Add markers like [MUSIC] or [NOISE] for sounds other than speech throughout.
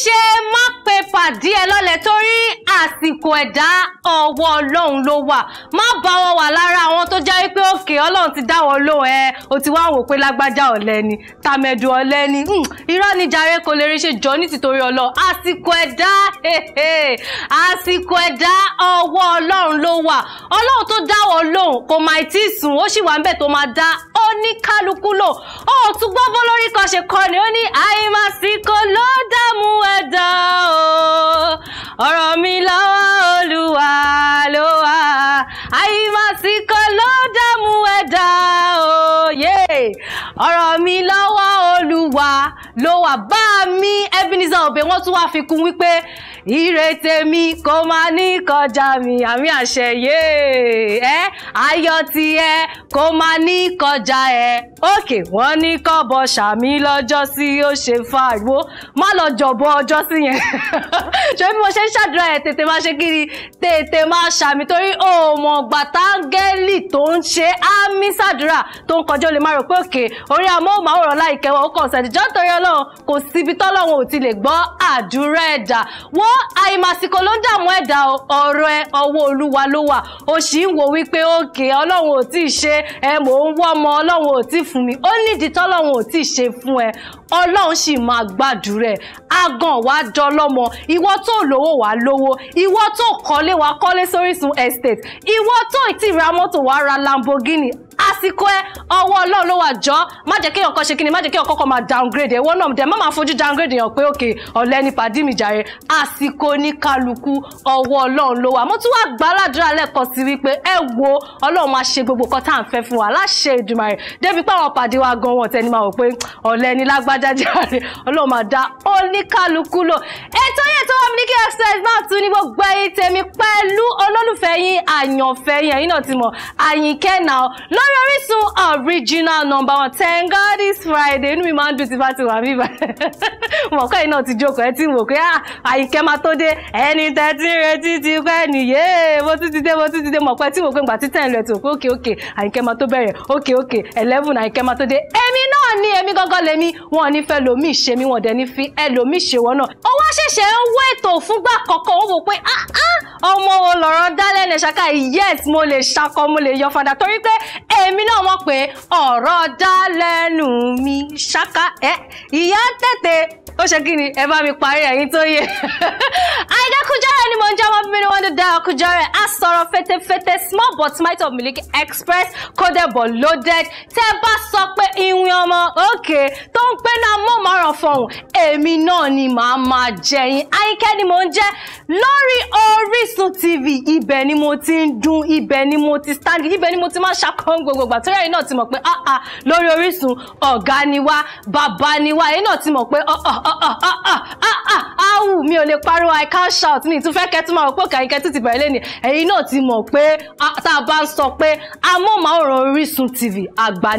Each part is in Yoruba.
ṣe má pe fàdí ẹ lọ́lẹ̀ torí àsìkò ẹ̀dá ọwọ́ ọlọ́run ló wà má bá wọn wà lára àwọn tó jẹ́ pé òkè ọlọ́run ti dá wọn lóhùn ẹ o ti wá wò pé lágbájá ọ̀lẹ ni tàmẹ̀dù ọ̀lẹ ni hmm, irọ́ ni jàre kò lè rí ṣe jọ ní tìtorí ọlọ́ àsìkò ẹ̀dá àsìkò ẹ̀dá ọwọ́ ọlọ́run ló wà ọlọ́run tó dá lóhùn kò máa tí sùn ó sì wà ń bẹ̀ tó máa dá ní kálukú lò ó tún gbọ́ bó lórí kan ṣe kọ́ ni ó ní àìmásìkò ló dààmú ẹ̀dá o ọ̀rọ̀ mi lọ́wọ́ olúwa ló wà àìmásìkò ló dààmú ẹ̀dá o ọ̀rọ̀ mi lọ́wọ́ olúwa ló wà bá mi Ebenezer Obey wọ́n tún wá fi kún wípé ire tèmi kò máa ní kọjá mi àmì àṣẹ yéé ẹ ayọ̀ tiẹ̀ kò máa ní kọjá ẹ òkè wọ́n ní kọbọ ṣàmì lọ́jọ́ sí ó ṣe fàáwó má lọ jọ̀bọ ọjọ́ sí yẹn [LAUGHS] ṣé bí mo ṣe ń ṣàdúrà ẹ tètè máa ṣe kiri tètè máa ṣàmì torí òmò gbàtàngẹ́lì tó ń ṣe ámì ṣàdúrà tó ń kọjá ó má rò pé òkè orí amóhùnmáwòrán láìkẹwọ́ ó kàn sẹ́ni jọ́tọ̀rẹ́ ọlọ́run kò síbi tọ́lọ́run ò ti lè gbọ́ àdúrà ẹ̀dá wọ́n àìmàsìkò ló ń dààmú ẹ̀dá ọ̀rọ̀ ẹ ọwọ́ olúwa ló wà ó sì ń wo wípé òkè ọlọ́run ò tí ì ṣe ẹ mò ń wọ́ ọmọ ọlọ́run ò tí ì fún mi ó nídìí tọ́lọ́run ò tí ì ṣe fún ẹ ọlọ́run sì máa gbàdúrà ẹ agan wàá dọlọ́mọ ìwọ tó lówó wàá lówó ìwọ tó kọ́lé wàá kọ́lé sórísun estate ìwọ tó ìtì ra mọ́tò wàá ra Lamborghini àsìkò ẹ ọwọ́ ọlọ́run ló wà jọ́ má jẹ́ kéèyàn kan ṣe kí ni má jẹ́ kéèyàn kọ́kọ́ máa downgrade ẹ̀wọ́n náà dẹ̀ má máa fojú downgrade èèyàn pé òkè ọ̀lẹ́ ní pàdí mi jàre àsìkò ní kálukú ọwọ́ ọlọ́run ló wà mo tún wá gbàládùra lẹ́ẹ̀kan sí wípé ẹ wo ọlọ́run máa ṣe gbogbo nǹkan tá à ń fẹ́ fún wa láṣẹ Èdùmàrè débi pé àwọn pàdé wa gan wọn tẹni máa wò pé ọ̀lẹ́ ní lágbájá jàre ọlọ́run máa dá oníkálukú lò ètò yẹn tó wà Miliki Express olólùfẹ́ yín àyànfẹ́ yín ẹ̀yin náà ti mọ̀ àyìnkẹ́ náà lórí Orísun original number one thank God it's Friday inú mi máa ń dùn tí bá ti wà mí bá [LAUGHS] mọ̀ kọ́ ẹ̀yin náà ti jókòó ẹ ti wò pé ah, àyìnkẹ́ máa tó dé ẹni tẹ́tí retí ti pẹ́ nìyé mo tún ti dé mo tún ti dé mọ̀ pé tí wò pé gbà títẹ̀ ń lọ ètò òkè òkè àyìnkẹ́ máa tó bẹ̀rẹ̀ òkè òkè eleven àyìnkẹ́ máa tó dé èmi náà ní èmi gángan lèmi wọn ní fẹ́ lomi ṣe wọn dẹ̀ ní fi ẹlòmí ṣe wọn náà ó wá ṣẹ̀ṣẹ̀ ń wọ ètò fúngbà kọ̀ọ̀kan ó wò pé ah, ah, ọmọ wo lọ̀rọ̀ dálẹ́ ẹnẹ ṣaka yes mo lè ṣakọ mo lè yọ fada torí pé èmi náà mọ̀ pé ọ̀rọ̀ dá lẹ́nu mi ṣaka ẹ ìyá tètè ó ṣe kí ni ẹ bá mi parí ẹ̀yin tó yẹ [LAUGHS] Àyìndé Kújọrẹ ni mo ń jẹ́ ọmọ bíbí ni wọ́n ń dá Kújọrẹ asọ̀rọ̀ fetefete small but might of Miliki Express coded but loaded tẹ́ bá sọ pé ìwìn ọmọ òkè tó ń pé náà mọ̀ márùn fọ̀hún èmi náà ni màá máa jẹ̀yìn Àyìnkẹ́ ni mo ń jẹ́ lórí Orísun TV ibẹ̀ ni ni mo ti ń dún ibẹ̀ ni mo ti stand ibẹ̀ ni mo ti máa ń ṣàkóhán gbogbo ìgbà torí ẹ̀yin náà ti mọ̀ pé ah ah lórí Orísun ọ̀gá ni wá bàbá ni wá ẹ̀yin náà ti mọ̀ pé ah ah ah ah ah ah ah wù mí lè pariwo i can't shout ní ìtúfẹ́ kẹ́tù máa wò pé òkàyíkẹ́ títí bẹ̀rẹ̀ lẹ́ni ẹ̀yin náà ti mọ̀ pé tá a bá ń sọ pé amóhùnmáwòrán Orísun TV àgbà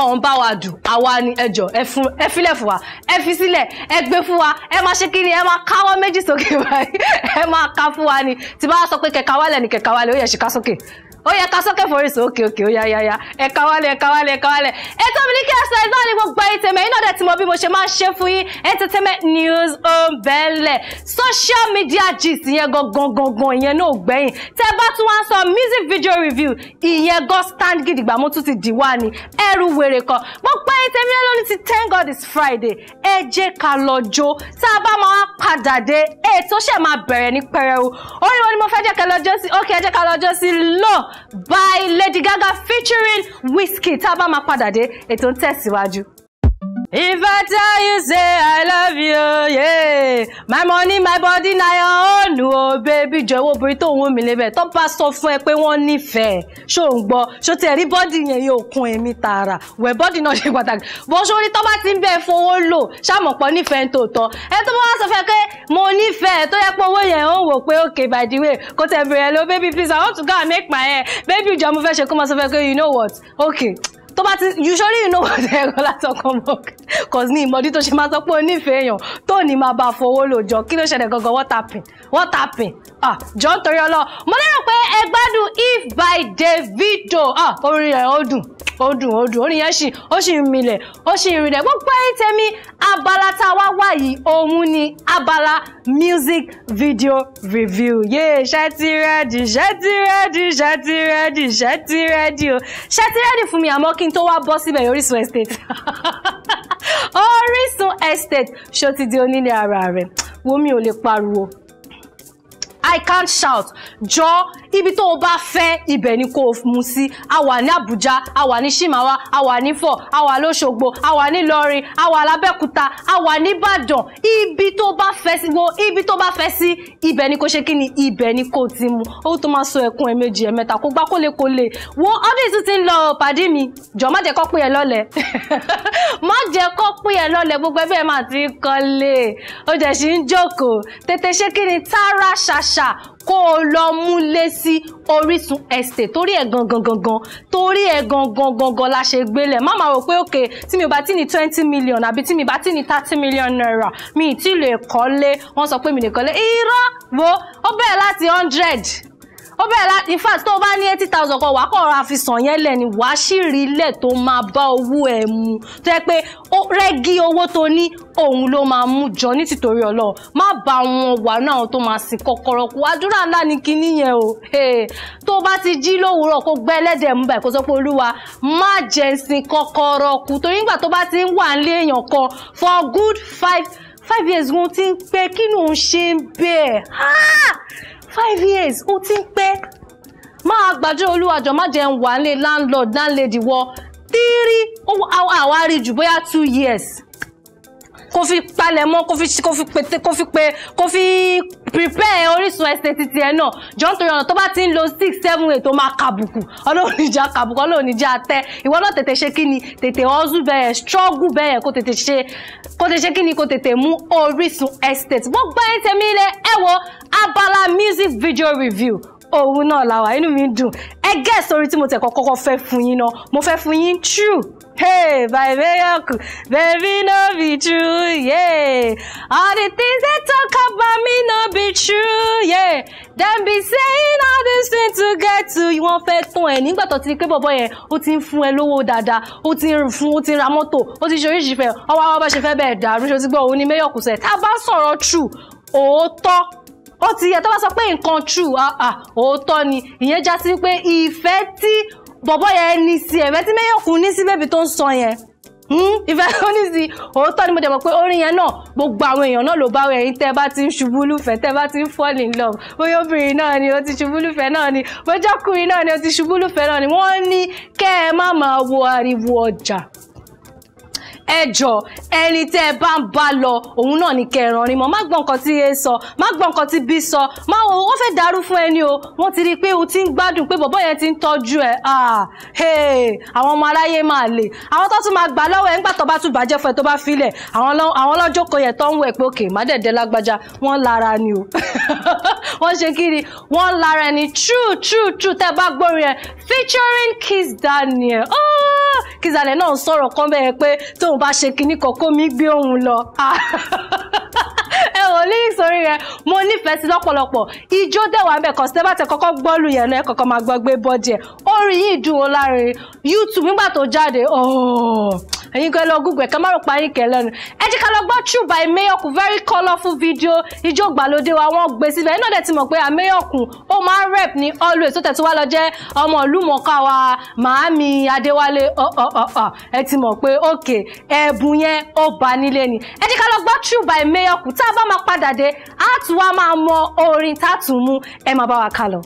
ọ̀hún bá wa dùn àwa ni ẹjọ́ ẹ filẹ̀ fún wa ẹ fi sílẹ̀ ẹ gbé fún wa ẹ máa ṣe kí ni ẹ máa káwọ́ méjì sókè [LAUGHS] báyìí ẹ máa ká fún wa ni tí bá sọ pé kẹkawálẹ̀ ni kẹkawálẹ̀ ó yẹ ṣìkásókè ó yẹ ká sókè foríṣi òkè òkè ó yá yá yá ẹ̀ka wálé ẹ̀ka wálé ẹ̀ka wálé ètò Miliki Express náà ni gbogbo ayé tèmi ẹ̀yin náà dẹ̀ tí mo bí mo ṣe máa ń ṣe fún yín entertainment news ombẹ̀lẹ̀ um, social media gist ìyẹn gangan gangan ìyẹn náà ò gbẹ̀yìn tẹ́ bá tún wá ń sọ music video review ìyẹn gan stand gidigba mo tún ti dì wá ni ẹrù wèrè kan gbogbo ayé tèmi ẹ̀ lónìí ti thank God it's Friday ẹ jẹ́ ká lọ jó tá a bá máa padà dé ètò ṣẹ̀ máa bẹ̀rẹ̀ ní pẹrẹu orí wo ni mo fẹ́ by Lady Gaga featuring Wizkid tá a bá máa padà dé ètò ń tẹ̀síwájú. If I tell you say I love you, yeah. My money, my body, na your own. Oh, baby, jọ̀wọ́ obìnrin tó ń wọ́n mi lébẹ̀. Tó bá sọ fún ẹ pé wọ́n nífẹ̀ẹ́. Ṣó ń gbọ́, ṣó ti ẹ̀rí bọ́dì yẹn yóò kún èmi tààrà. Wẹ̀ bọ́dì náà ṣe pàtàkì. Bó ṣó rí tó bá ti ń bẹ̀ fowó lò, ṣàmọ̀pọ̀ nífẹ̀ẹ́ ń tòótọ́. Ẹ tó bá wá sọ fẹ́ pé mo nífẹ̀ẹ́ tó yẹ pé owó yẹn ó wò pé okay by the way. Kò tẹ̀ bẹ̀rẹ̀ baby please I want to go and make my hair. Baby jọ̀ọ́ mo fẹ́ ṣe kó máa sọ fẹ́ you know what? Okay tó bá ti usually you know what ẹ kọ́ látọkọ mọ́ cause ní ìmọ̀dí tó ṣe máa sọ pé o nífẹ̀ẹ́ èèyàn tó ní máa bá fowó lò jọ kí ló ṣẹlẹ̀ gangan what happen what happen ah jọ nítorí ọlọ́ mo lérò pé ẹ gbádùn if by Davido ah orin ẹ̀ ó dùn ó dùn ó dùn orin yẹn ṣì ó ṣì ń milẹ̀ ó ṣì ń rinlẹ̀ gbogbo ẹ̀yin tèmi abala tá a wá wá yìí òun ni abala music video review yéé ṣẹ́ ti rẹ́dì ṣẹ́ ti rẹ́dì ṣẹ́ ti rẹ́dì ṣẹ́ ti rẹ́dì o ṣẹ́ ti rẹ́dì fún mi àmọ́ kí n tó wá bọ́ síbẹ̀ Orísun estate [LAUGHS] Orísun estate ṣó ti di onílé ara rẹ̀ wo mi ò lè pariwo I can't shout jọ ibi tó o bá fẹ́ ibẹ̀ ni kó o mú sí a wà ní Àbújá a wà ní Ṣímàwá a wà ní Fọ̀ a wà lóṣogbo a wà ní Ìlọrin a wà lábẹ́kúta a wà nìbàdàn ibi tó bá fẹ́ sí wo ibi tó bá fẹ́ sí ibẹ̀ ni kò ṣe kí ni ibẹ̀ ni kò ti mu owó tó máa sọ ẹ̀kún ẹ̀mejì ẹ̀mẹ́ta kó gbá kólekóle wo ọdún ìsìn ti ń lọ pàdé mi jọ má jẹ́ kó pín ẹ lọ́lẹ̀ [LAUGHS] má jẹ́ kó pín ẹ lọ́lẹ̀ gbogbo ẹgbẹ́ máa ti kọ́lé ó jẹ́ sì ń jókòó tètè ṣe kí ni tààrà ṣàṣ àṣà kó o lọ múlé sí Orísun estate torí ẹ gangan gangan torí ẹ gangan gangan la ṣe gbélẹ̀ má máa rò pé òkè tí mi ò bá tí ní twenty million àbí tí mi bá tí ní thirty million naira mi ì tí lè kọ́lé wọ́n sọ pé mi lè kọ́lé irọ́ wo ó bẹ̀rẹ̀ láti hundred ó bẹ̀rẹ̀ láti in fact tó o bá ní eighty thousand kan wàá kọ̀ ra fi sàn yẹn lẹ́ni wàá sì rí ilẹ̀ tó máa bá owó ẹ̀ mu tó yẹ pé rẹ́gí owó tó ní òun ló máa mú jọ ní tìtorí ọlọ́run má bá wọn wà náà àwọn tó máa sin kọ̀kọ̀rọ̀ kó àdúrà ńlá ní kinní yẹn o tó bá ti jí lówùúrọ̀ kó gbẹ́ ẹlẹ́dẹ̀ mú báyìí kó sọ pé olúwa má jẹ́ sin kọ̀kọ̀rọ̀ kù torí nígbà tó bá ti ń wà nílé èèyàn kan for good five five years wọn ti ń pẹ́ kí ni òun ṣe ń bẹ́ẹ̀ five years ó ti ń pẹ́ máa gbàjọ́ olúwàjọ má jẹ́ ń wà ní landlord landlady wọ tíírí àwa rí jù bóyá two years kó fi palẹ̀ mọ́ kó fi kó pété kó fi pé kó fi prepare Orísun estate tiẹ̀ náà jọ nítorí ọ̀nà tó bá ti ń lo six seven eight ó máa kàbùkù ọlọ́run ìjà kàbùkù ọlọ́run ìjà tẹ ìwọ náà tètè ṣe kíni tètè hustle bẹ́ẹ̀ struggle bẹ́ẹ̀ kó tètè ṣe kó tètè ṣe kíni kó tètè mú Orísun estate gbogbo ẹ̀yin tèmi ilẹ̀ ẹ wo abala music video review òun náà làwà inú mi dùn ẹ gẹ́ẹ̀sì orin tí mo tẹ̀ kọ́kọ́ fẹ́ fún yín náà mo fẹ́ fún yín true Hey, by miracle, baby, no be true, yeah. All the things they talk about me no be true, yeah. them be saying all these things to get to. Wọ́n fẹ́ tún ẹ̀ nígbà tó ti di pé bọ̀bọ̀ yẹn ó ti ń fún ẹ lówó dáadáa, ó ti ń fún, ó ti ń ra mọ́tò, ó ti ṣe oríṣiríṣi fẹ́, ọwọ́ àwọn bá ṣe fẹ́ bẹ̀ẹ̀ dàrú, ṣe ti gbọ́ òun ni mẹ́yọ̀kù sẹ̀. Tá a bá sọ̀rọ̀ true, òótọ́ ó ti yẹ tó bá sọ pé nǹkan true ah ah òótọ́ ni ìyẹn já sí pé ìfẹ́ tí bọ̀bọ̀ yẹn ní sí ẹ̀mẹ́ tí mẹ́yọ̀kùn ní sí bébí tó ń sọ yẹn hmm? ìfẹ́ tó ní sí òótọ́ ni mo dẹ̀ mọ̀ pé orin yẹn náà gbogbo àwọn èèyàn náà ló bá ẹ̀yin tẹ́ bá ti ń ṣubú lùfẹ́ tẹ́ bá ti ń fall in love bóyá obìnrin náà ni ó ti ṣubú lùfẹ́ náà ni bójọ́kùnrin náà ni ó ti ṣubú lùfẹ́ náà ni wọ́n ní kẹ́ ẹ má máa wo ariwo ọjà ẹ jọ ẹni tẹ́ ẹ bá ń bá lọ òun náà ní kẹràn rin mọ́ má gbọ́ nǹkan tí e sọ má gbọ́ nǹkan tí bí sọ má wo wọ́n fẹ́ dàrú fún ẹni o wọ́n ti rí i pé o ti ń gbádùn pé bọ̀bọ́ yẹn ti ń tọ́jú ẹ àwọn ọmọ aráyé máa lè àwọn tó tún máa gbà lọ́wọ́ ẹ ńgbà tó bá tún bàjẹ́ fún ẹ tó bá filẹ̀ àwọn lọ́jọ́ kan yẹn tó ń wẹ̀ pé òkè má dẹ̀dẹ̀ lágbájá wọ́n lára ni o [LAUGHS] wọ́n ṣe kí ni wọ́n lára ẹni true true true tẹ́ bá gbórin ẹ featuring Kiss Daniel oh Kiss Daniel náà sọ̀rọ̀ kan bẹ́ẹ̀ pé tó tóun bá ṣe kinní kan kó mi gbé òun lọ [LAUGHS] ẹ wò lyrics orí yẹn mo nífẹ̀ẹ́ sí lọ́pọ̀lọpọ̀ ijó dẹ̀wà bẹ̀ kàn sẹ́bà tẹ kọ́kọ́ gbọ́lù yẹn náà ẹ kọ̀ọ̀kan máa gbọ́ gbé bọ́ọ̀dì ẹ̀ orin yìí dùn ó lárin YouTube nígbà tó jáde ọ̀ọ́ oh, ẹ̀yin gan lọ google ẹ̀ ká má rò pa yín kẹ̀ lẹ́nu ẹ jẹ́ ká lọ gbọ́ True by Mayokun very colourful video ijó gbàlódé wa wọ́n gbé síbẹ̀ iná dẹ̀ ti mọ̀ pé Mayokun ó máa ń rep ní always tó tẹ̀ tí lọ jẹ́ ọmọ ìlú mọ̀ọ́ká wa màámi Adéwálé ẹ ti mọ̀ pé òkè ẹ̀bùn yẹn ó ba nílé ni ẹ jẹ́ ká lọ gbọ́ True by Mayokun tá a bá máa padà dé á tún wá máa mọ orin tá a tún mú ẹ máa bá wa ká lọ.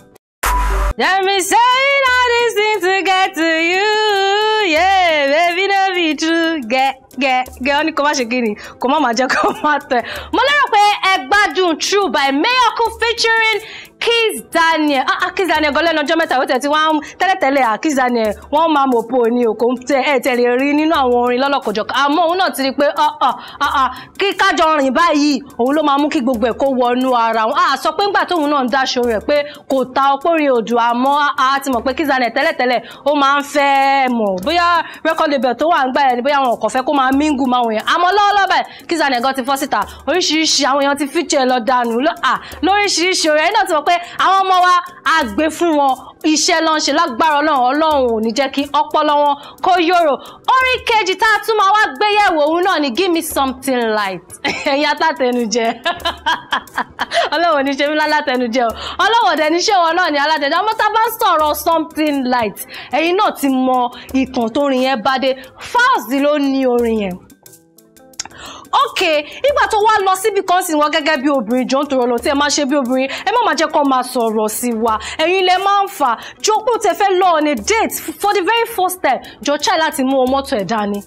Let me say all these things to get to you yeah baby no be true gẹ gẹ gẹ ọ ní kó má ṣe kí ni kó má má jẹ́ kó má tẹ̀. mo lérò pé ẹ gbádùn true by Mayorkun featuring Kiss Daniel ah ah Kiss Daniel gọlẹ́nu ọjọ́ mẹ́ta ìwọ́tẹ̀ tí wọ́n tẹ́lẹ̀tẹ́lẹ̀ ah Kiss Daniel wọ́n máa mọ̀ po ní òkò tẹ ẹ tẹ̀lé rí nínú àwọn orin lọ́lọ́kọ̀jọ̀kan àmọ́ òun náà ti rí i pé ah ah ah ah kí kájọ rìn báyìí òun ló máa mú kí gbogbo ẹ̀ kó wọnú ara wọn ah sọ pé ńgbà tóun náà ń dáṣọ rẹ̀ pé kò ta ọpọ́rin òdù àmọ́ ah, ah ti mọ̀ pé Kiss Daniel tẹ́lẹ̀tẹ́lẹ̀ ó máa ń fẹ́ mọ̀ bóyá record label tó wà ń gbà ẹni bóyá wọn kò fẹ́ kó máa mingu máa wọ̀nyẹn àmọ́ lọ́wọ́lọ́wọ́ báyìí Kiss Daniel gan ti fọ́ síta oríṣiríṣi àwọn èèyàn ti fíjì ẹ̀ lọ dànù ah, lóríṣiríṣi orin ẹni náà ti mọ̀ pé àwọn ọmọ wa á gbé fún wọn iṣẹ́ ló lágbára ọlọ́run ọlọ́run ò ní jẹ́ kí ọpọlọ wọn kó yòrò orin kejì tá a tún máa wá gbéyẹ̀wò òun náà ni give me something light [LAUGHS] ẹ̀yin alátẹnujẹ [LAUGHS] ọlọ́run ò ní ṣe mí lálátẹnujẹ o ọlọ́run ọ̀dẹ ní ṣé wọn náà ni alátẹnujẹ ọmọ tá a bá ń sọ̀rọ̀ something light ẹ̀yin náà ti mọ ìtàn tó rin yẹn bá dé fáàsì ló ní orin yẹn okay nígbà tó wá lọ síbi kan sí wọn gẹ́gẹ́ bí obìnrin jọ ń tọrọ lọ tí ẹ máa ṣe bí obìnrin ẹ má máa jẹ́ kó máa sọ̀rọ̀ sí wa ẹ̀yin lẹ máa ń fà jókòó tẹ fẹ́ lọ on a date for the very first time jọ chai láti mú ọmọ tó ẹ̀ dání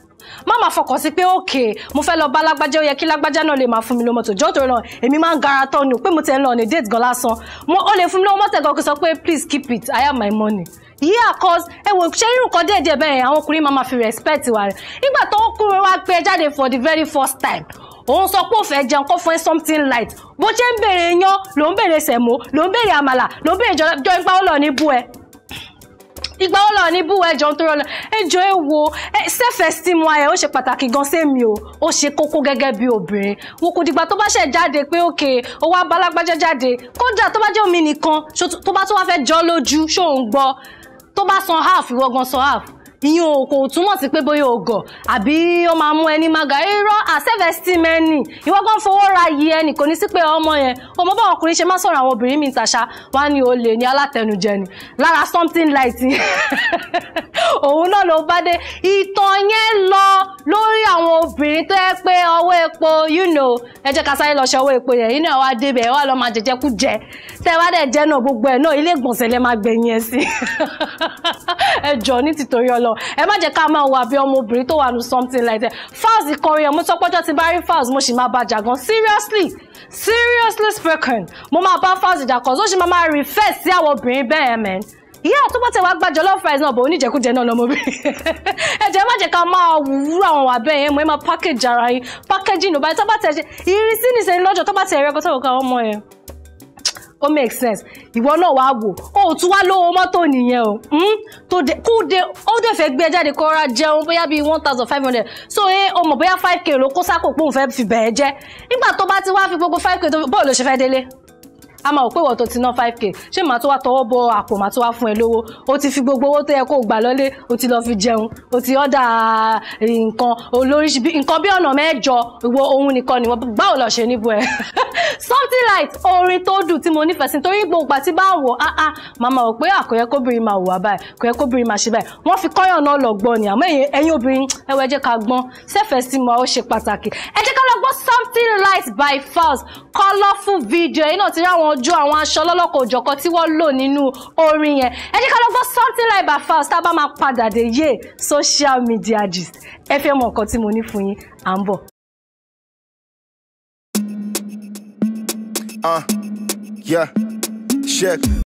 má máa fọkàn sí pé òkè mo fẹ́ lọ bá lágbájá ó yẹ kí lágbájá náà lè máa fún mi lọ mọ́tò jọ́tò náà èmi máa ń gara tọ́ ni pé mo tẹ̀ ń lọ on date gan lásán ó lè fún mi lọ́wọ́ mọ́tò gan kó sọ pé please keep it I have my money yeah cause ẹ wò ṣé irú kan déédéé bẹ́ẹ̀ yẹn àwọn ọkùnrin máa ma fi respect wa rẹ̀ nígbà tó kúrò wá gbé e jáde for the very first time òun sọ pé ó fẹ́ jẹun kó fún ẹ something light bó ṣe ń béèrè yan ló ń béèrè sẹ̀mó ló ń béèrè àmàlà ló ń béèrè jọ ìgbà ó lọ ní bú ẹ ìgbà ó lọ ní búwa ẹjọ tó rọlọ ẹjọ ẹ wo self-esteem wa ẹ ó ṣe pàtàkì gan sẹ́mi o ó ṣe kókó gẹ́gẹ́ bí obìnrin wọn kò dìgbà tó bá ṣẹ̀ jáde pé òkè owó abalagbájá jáde kódà tó bá jẹ́ omi nìkan tó bá tó wá fẹ́ jọ́ lójú ṣó ń gbọ́ tó bá san half ìwọ gan san half ìyẹn ò kò túmọ̀ sí pé bóyá ògọ̀ àbí ó máa mú ẹni máa gà irọ́ àsẹ́fẹ̀sítìmù ẹni ìwọ fowó ra yí ẹnì kò ní sí pé ọmọ yẹn ọmọ bá ọkùnrin ṣe máa sọ̀rọ̀ àwọn obìnrin mi ìtàṣà wá ní olè ní alátẹnujẹ ni lára something light [LAUGHS] òun náà ló bá dé ìtàn yẹn lọ lórí obìnrin tó yẹ pé ọwọ́ epo you know ẹ jẹ́ ká sáré lọ ṣe ọwọ́ epo yẹn inú ẹ̀ wá débẹ̀ ẹ wá lọ́ọ́ máa jẹjẹ kú jẹ tẹ́ wá dẹ̀ jẹ́ náà gbogbo ẹ̀ náà ilé ìgbọ̀nsẹ̀ lẹ máa gbẹ̀yìn ẹ sí [LAUGHS] ẹ jọ ní tìtorí ọlọ ẹ má jẹ́ ká máa wà bí ọmọbìnrin tó wà nù something like that fowls kọrin ẹ̀ mo sọ pọ́jọ́ ti bá rí fowls mo sì máa bá jà gan seriously seriously spoken mo máa bá fowls jà kan ó sì máa máa refer sí àwọn obìnrin bẹ́ẹ̀ mẹ́rin ìyá tó bá tẹ wá gba jollof rice náà bọ̀ oníjẹkújẹ náà lọmọbìnrin [LAUGHS] ẹ jẹ́ má jẹ́ ká máa wúrú àwọn àbẹ́ yẹn mọ́ ẹ máa package ara yín packaging ọba tó bá tẹ ṣe ìrísí nìṣẹ́ ni lọ́jọ́ tó bá tẹ ẹ̀rẹ́ kọ́tọ́ òkà ọmọ yẹn ó make sense ìwọ náà wàá wò ó tún wá lówó mọ́tò nìyẹn o hmm? tó de kú de ó dẹ̀ fẹ́ gbé ẹ jáde kó ra jẹun bóyá bíi one thousand five hundred so ẹ ọmọ bóyá five k ló kó sákò pé òun fẹ́ fi bẹ̀ẹ́ jẹ́ nígbà tó bá ti wá fi gbogbo five k tó bọ́ọ̀lù ló ṣe fẹ́ délé a máa wò pé ìwọ tó ti ná five k ṣé màá tó wá tọwọ́ bọ àpò màá tó wá fún ẹ lówó o ti fi gbogbo owó tó yẹ kó gbà lọ́lé o ti lọ fi jẹun o ti ọ̀dà eh, nǹkan olóríṣi nǹkan bí ọ̀nà mẹ́jọ ìwọ ohun nìkan nìwọ báwo lọ ṣe níbo ẹ [LAUGHS] something like orin tó dùn tí mo nífẹ̀ẹ́ sí torí gbogbo ìgbà tí bá wò á ah, á ah, màá máa wò pé àkọ́yẹ́ ah, kóbìnrin máa wò wá báyìí àkọ́yẹ́ kóbìnrin máa ṣe báyìí wọ́n fi kọ́yàn náà lọ gbọ́ ni àmọ́ ẹ̀yin obìnrin ẹ̀wọ̀ ẹ jẹ́ ká gbọ́n sẹ́fẹ̀ẹ́ sí ma ó ṣe pàtàkì ẹ jẹ́ ká lọ gbọ́ something like by Falz colourful video yìí náà ti rí àwọn ọjọ́ àwọn aṣọ lọ́lọ́kọ̀ òjọ̀kan tí wọ́n lò nínú orin yẹn ẹ jẹ́ ká lọ gbọ́ something like that fast tá a bá máa padà dé yé social media gist ẹ fẹ́ mọ nǹkan tí mo ní fún yín à ń bọ̀. Ah, yeah, check.